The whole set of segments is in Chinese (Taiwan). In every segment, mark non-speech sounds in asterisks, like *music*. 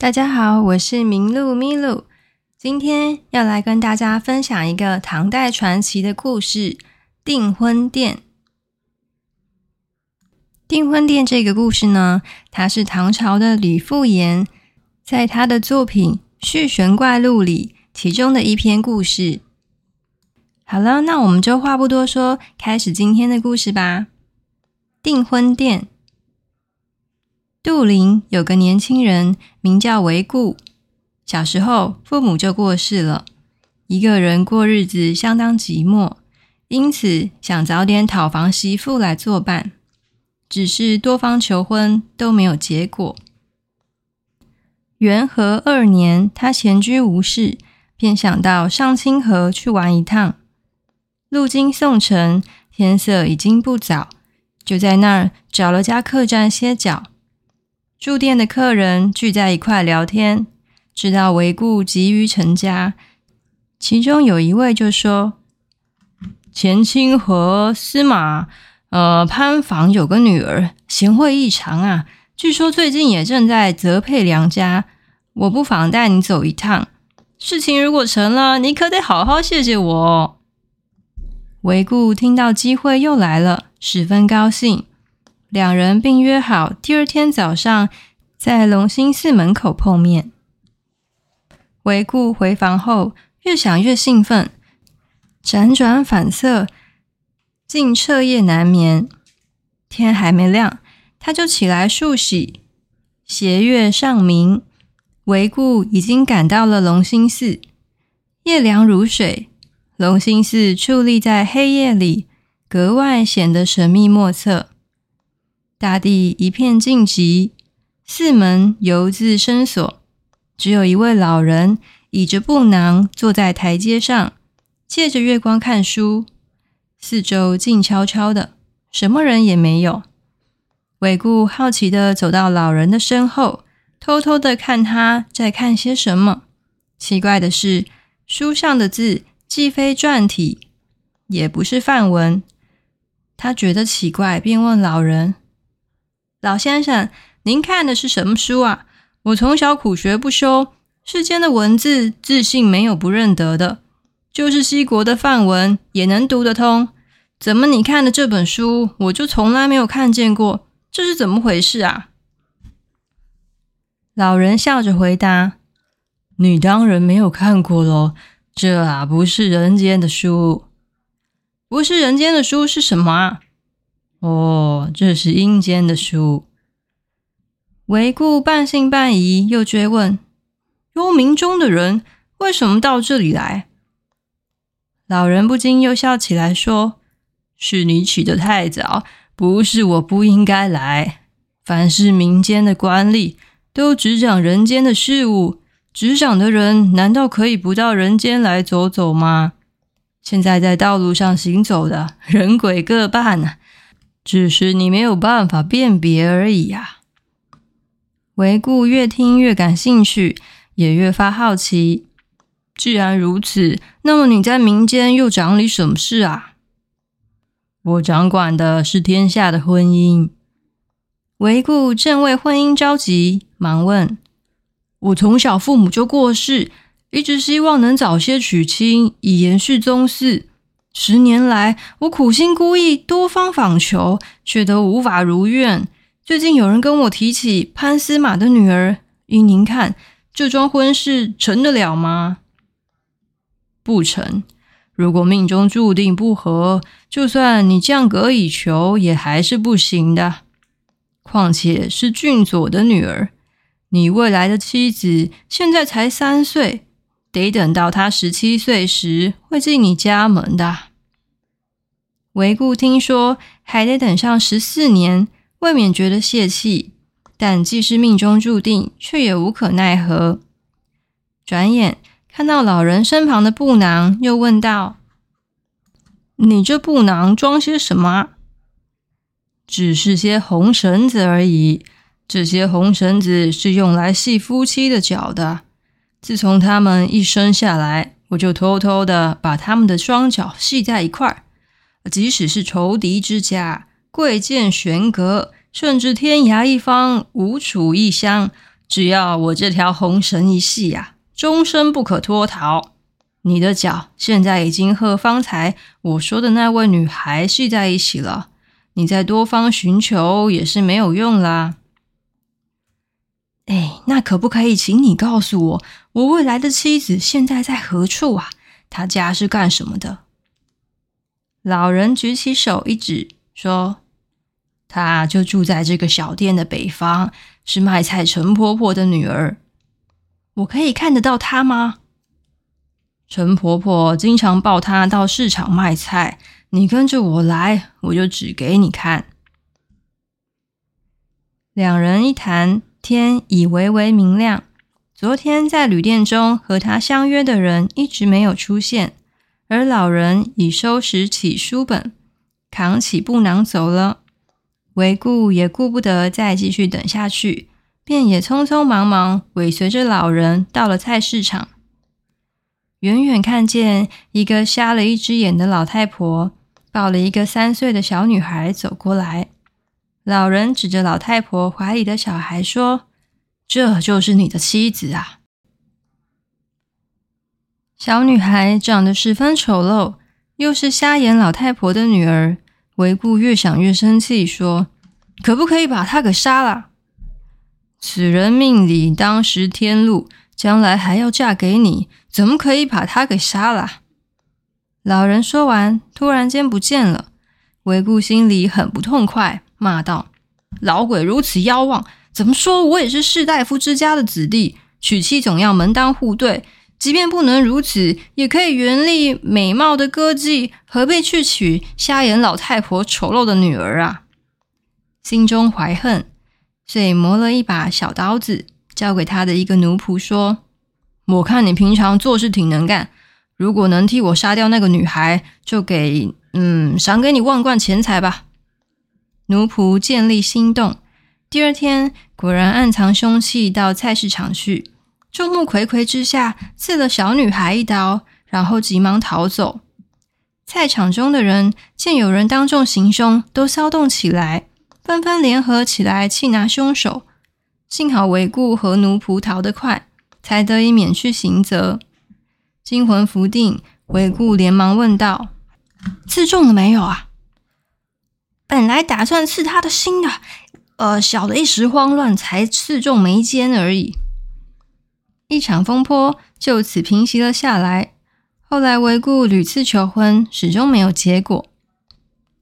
大家好，我是明露 m i 今天要來跟大家分享一個唐代傳奇的故事《訂婚殿。訂婚殿這個故事呢，它是唐朝的呂復言在他的作品《續玄怪錄》裡其中的一篇故事。好了，那我們就話不多說，開始今天的故事吧，《訂婚殿。杜陵有個年輕人名叫韋固，小時候父母就過世了，一個人過日子相當寂寞，因此想早點討房媳婦來作伴。只是多方求婚都沒有結果。元和二年，他閒居無事，便想到上清河去玩一趟。路經宋城，天色已經不早，就在那兒找了家客棧歇腳。住店的客人聚在一塊聊天，知道韋固急於成家，其中有一位就說：“前清河司馬，呃潘昉有個女兒，賢惠異常啊。據說最近也正在擇配良家，我不妨帶你走一趟。事情如果成了，你可得好好謝謝我。”韋固聽到機會又來了，十分高興。兩人並約好第二天早上在龍興寺門口碰面。維固回房後，越想越興奮，輾轉反側，竟徹夜難眠。天還沒亮，他就起來漱洗。斜月尚明，維固已經趕到了龍興寺。夜涼如水，龍興寺矗立在黑夜裡，格外顯得神秘莫測。大地一片靜寂，四門猶自深鎖，只有一位老人倚着布囊坐在臺階上，借着月光看書。四周靜悄悄的，什麼人也沒有。韋固好奇地走到老人的身後，偷偷地看他在看些什麼。奇怪的是，書上的字既非篆體，也不是梵文。他覺得奇怪，便問老人。老先生，您看的是什麼書啊？我從小苦學不休，世間的文字自信沒有不認得的，就是西國的梵文也能讀得通。怎麼你看的這本書，我就從來沒有看見過？這是怎麼回事啊？老人笑着回答：“你當然沒有看過嘍，這啊不是人間的書，不是人間的書是什麼啊？”哦，這是陰間的書。韋固半信半疑，又追問：「幽、哦、冥中的人為什麼到這裡來？」老人不禁又笑起來說：“是你起得太早，不是我不應該來。凡是民間的官吏，都只講人間的事物，執掌的人難道可以不到人間來走走嗎？現在在道路上行走的人鬼各半。”只是你沒有辦法辨別而已呀、啊。韋固越聽越感興趣，也越發好奇。既然如此，那麼你在民間又掌理什麼事啊？我掌管的是天下的婚姻。韋固正為婚姻着急，忙問：“我從小父母就過世，一直希望能早些娶親，以延續宗室。”十年來，我苦心孤詣，多方訪求，卻都無法如願。最近有人跟我提起潘司馬的女兒，依您看，這樁婚事成得了嗎？不成。如果命中注定不合，就算你降格以求，也還是不行的。況且是郡佐的女兒，你未來的妻子現在才三歲，得等到她十七歲時會進你家門的。韋固聽說還得等上十四年，未免覺得洩氣。但既是命中注定，卻也無可奈何。轉眼看到老人身旁的布囊，又問道：“你這布囊裝些什麼？”“只是些紅繩子而已。這些紅繩子是用來繫夫妻的腳的。自從他們一生下來，我就偷偷的把他們的雙腳繫在一塊兒。”即使是仇敵之家，貴賤懸隔，甚至天涯一方，吳楚異鄉，只要我這條紅繩一繫呀、啊，終身不可脫逃。你的腳現在已經和方才我說的那位女孩繫在一起了，你再多方尋求也是沒有用啦。哎、欸，那可不可以請你告訴我，我未來的妻子現在在何處啊？她家是幹什麼的？老人舉起手一指，說：“她就住在這個小店的北方，是賣菜陳婆婆的女兒。我可以看得到她嗎？”陳婆婆經常抱她到市場賣菜。你跟着我來，我就指給你看。兩人一談，天已微微明亮。昨天在旅店中和他相約的人一直沒有出現。而老人已收拾起書本，扛起布囊走了。韋固也顧不得再繼續等下去，便也匆匆忙忙尾隨着老人到了菜市場。遠遠看見一個瞎了一只眼的老太婆抱了一個三歲的小女孩走過來，老人指着老太婆懷裡的小孩說：“這就是你的妻子啊。”小女孩長得十分醜陋，又是瞎眼老太婆的女兒。韋固越想越生氣，說：“可不可以把她給殺了？”此人命裡當食天祿，將來還要嫁給你，怎麼可以把她給殺了？”老人說完，突然間不見了。韋固心裡很不痛快，罵道：“老鬼如此妖妄，怎麼說我也是士大夫之家的子弟，娶妻總要門當戶對。”即便不能如此，也可以原力美貌的歌妓，何必去娶瞎眼老太婆醜陋的女兒啊？心中懷恨，所以磨了一把小刀子，交給他的一個奴僕說：“我看你平常做事挺能幹，如果能替我殺掉那個女孩，就給……嗯，賞給你萬貫錢財吧。”奴僕見利心動，第二天果然暗藏凶器到菜市場去。眾目睽睽之下，刺了小女孩一刀，然後急忙逃走。菜場中的人見有人當眾行凶，都騷動起來，紛紛聯合起來氣拿凶手。幸好韋固和奴僕逃得快，才得以免去刑責。驚魂甫定，韋固連忙問道：“刺中了沒有啊？本來打算刺他的心的啊，呃，小的一時慌亂，才刺中眉間而已。”一場風波就此平息了下來。後來，韋固屢次求婚，始終沒有結果。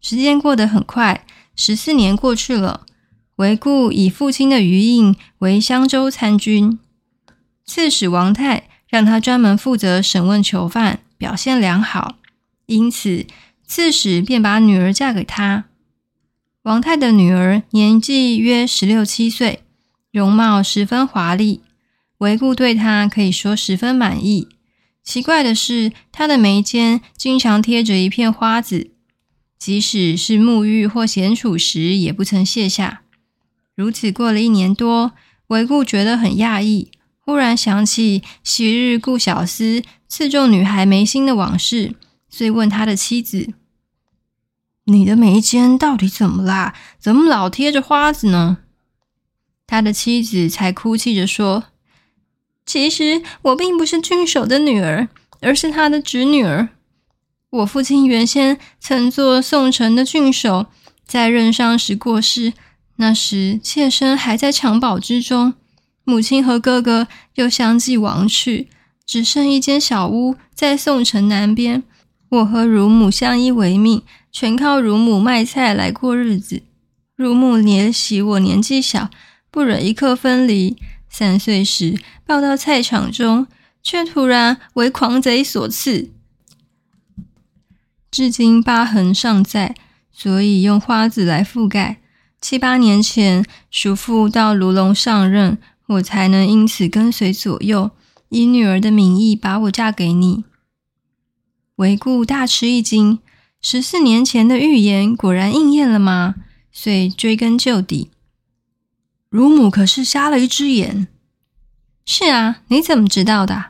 時間過得很快，十四年過去了。韋固以父親的餘蔭為襄州參軍，刺史王泰讓他專門負責審問囚犯，表現良好，因此刺史便把女兒嫁給他。王泰的女兒年紀約十六七歲，容貌十分華麗。韋固對他可以說十分滿意。奇怪的是，他的眉間經常貼着一片花子，即使是沐浴或閒處時也不曾卸下。如此過了一年多，韋固覺得很訝異，忽然想起昔日雇小廝刺中女孩眉心的往事，遂問他的妻子：“你的眉間到底怎麼啦？怎麼老貼着花子呢？”他的妻子才哭泣着說。其實我並不是郡守的女兒，而是他的侄女兒。我父親原先曾做宋城的郡守，在任上時過世，那時妾身還在襁褓之中，母親和哥哥又相繼亡去，只剩一間小屋在宋城南邊，我和乳母相依為命，全靠乳母賣菜來過日子。乳母憐惜我年紀小，不忍一刻分離。三歲時抱到菜場中，卻突然為狂賊所刺，至今疤痕尚在，所以用花子來覆蓋。七八年前，叔父到盧龍上任，我才能因此跟隨左右，以女兒的名義把我嫁給你。韋固大吃一驚，十四年前的預言果然應驗了嗎？遂追根究底。乳母可是瞎了一隻眼？是啊，你怎麼知道的？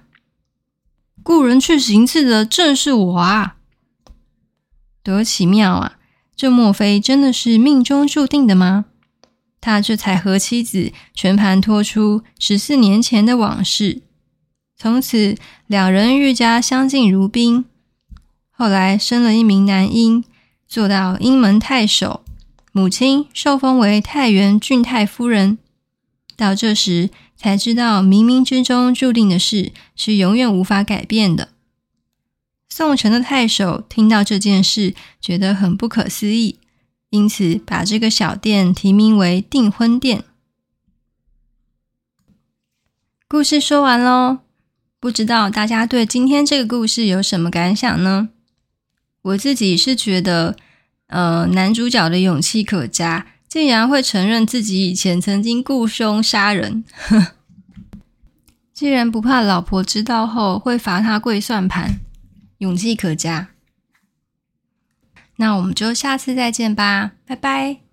雇人去行刺的正是我啊！多奇妙啊！這莫非真的是命中注定的嗎？他這才和妻子全盤托出十四年前的往事。從此，兩人愈加相敬如賓。後來，生了一名男嬰，做到雁門太守。母親受封為太原郡太夫人，到這時才知道冥冥之中注定的事是永遠無法改變的。宋城的太守聽到這件事，覺得很不可思議，因此把這個小店提名為訂婚店。故事說完嘍，不知道大家對今天這個故事有什麼感想呢？我自己是覺得。呃，男主角的勇氣可嘉，竟然會承認自己以前曾經雇凶殺人，竟 *laughs* 然不怕老婆知道後會罰他跪算盤，勇氣可嘉。那我們就下次再見吧，拜拜。